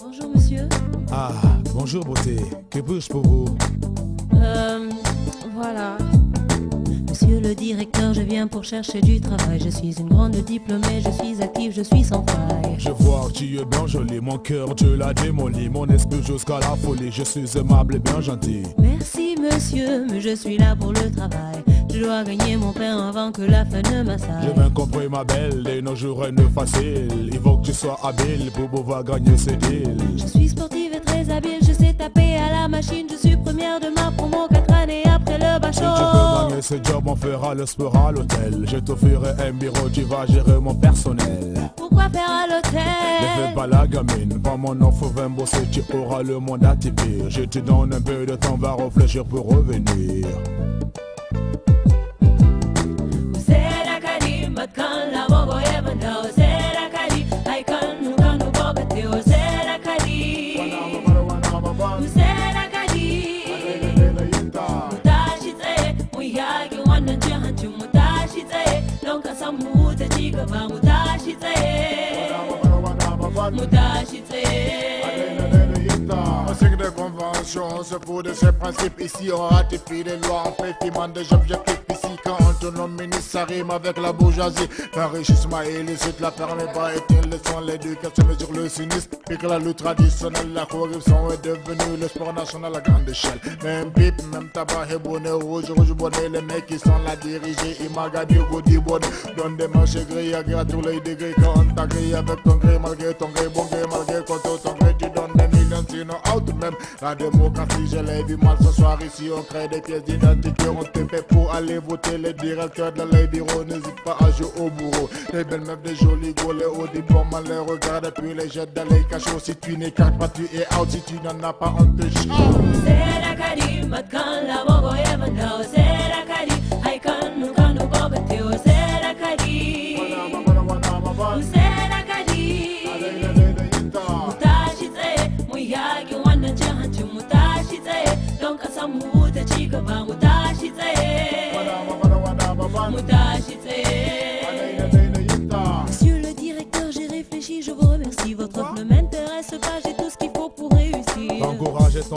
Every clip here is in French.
Bonjour monsieur. Ah, bonjour beauté. Que puis-je pour vous Euh, voilà. Monsieur le directeur, je viens pour chercher du travail. Je suis une grande diplômée, je suis active, je suis sans faille. Je vois que tu es bien joli mon cœur, tu l'a démoli. Mon esprit jusqu'à la folie, je suis aimable et bien gentil. Merci monsieur, mais je suis là pour le travail. Je dois gagner mon pain avant que la fin ne m'assale. Je vais compris ma belle, et nos jours ne facile. Il faut que tu sois habile pour pouvoir gagner ces deals Je suis sportive et très habile, je sais taper à la machine. Je suis première de ma promo 4 années après le bachot. Si tu peux gagner ce job, on fera le sport à l'hôtel. Je t'offrirai un bureau, tu vas gérer mon personnel. Pourquoi faire à l'hôtel Ne fais pas la gamine, pas mon enfant, va bosser, tu auras le monde à Je te donne un peu de temps, va réfléchir pour revenir. convention, se pour de ces principes ici on ratifie les lois, en fait des objectifs quand te ministre, ça rime avec la bourgeoisie. L'enrichissement illicite, la la permet pas éteinte, leçon. L'éducation sur le sinistre. Pique la lutte traditionnelle, la corruption est devenue le sport national à grande échelle. Même bip, même tabac et bonnet rouge, rouge bonnet. Les mecs qui sont la dirigée, Imagadi, Godi Bonnet. Donne des manches agré à tous les degrés. Quand t'as grillé avec ton gré, malgré ton gré, bon gré, malgré quand ton gré. La démocratie, je l'ai vu mal ce soir. Ici, on crée des pièces d'identité. On te fait pour aller voter. Les directeurs de la bureaux, n'hésite pas à jouer au bourreau. Les belles meufs, des jolis gros, les hauts mal les regarde puis les jette dans les cachots. Si tu n'écartes pas, tu es out. Si tu n'en as pas, honte, te chante.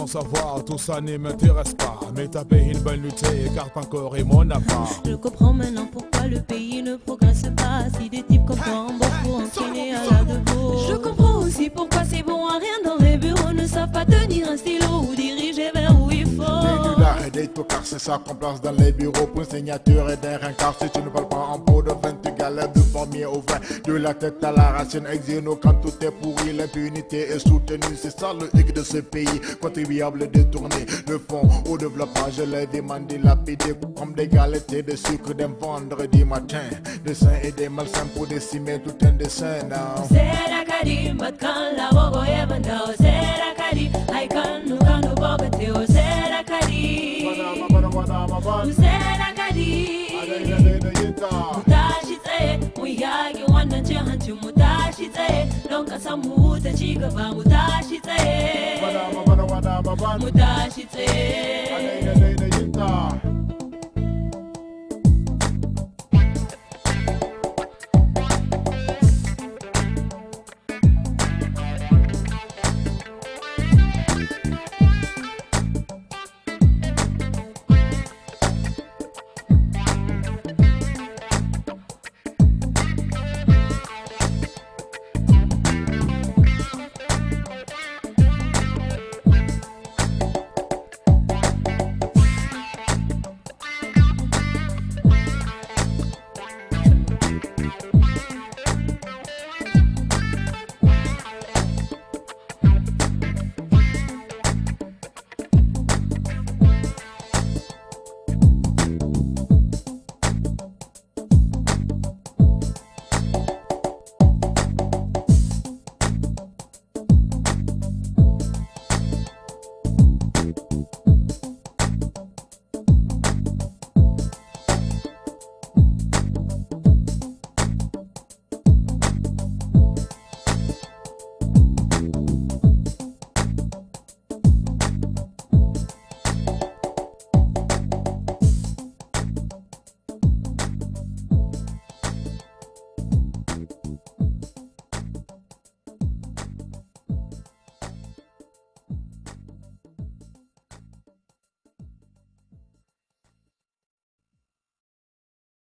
savoir, tout ça ne m'intéresse pas. Mais taper une bonne lutte Carte encore et mon appart. Je comprends maintenant pourquoi le pays ne progresse pas. Si des types comme toi en pour entraîner à la debout. Je comprends aussi pourquoi c'est bon à rien dans les bureaux ne savent pas tenir ainsi car c'est ça qu'on place dans les bureaux pour une signature et des Car Si tu ne parles pas en pot de 20, tu galères de pommier au vin. De la tête à la racine, exino quand tout est pourri, l'impunité est soutenue. C'est ça le hic de ce pays, contribuable détourné. Le fond au développement, je l'ai demandé La lapidé comme des galettes de sucre d'un vendredi matin. Des seins et des malsains pour décimer tout un dessin. mutum nonka tashi tsaye don kasan mu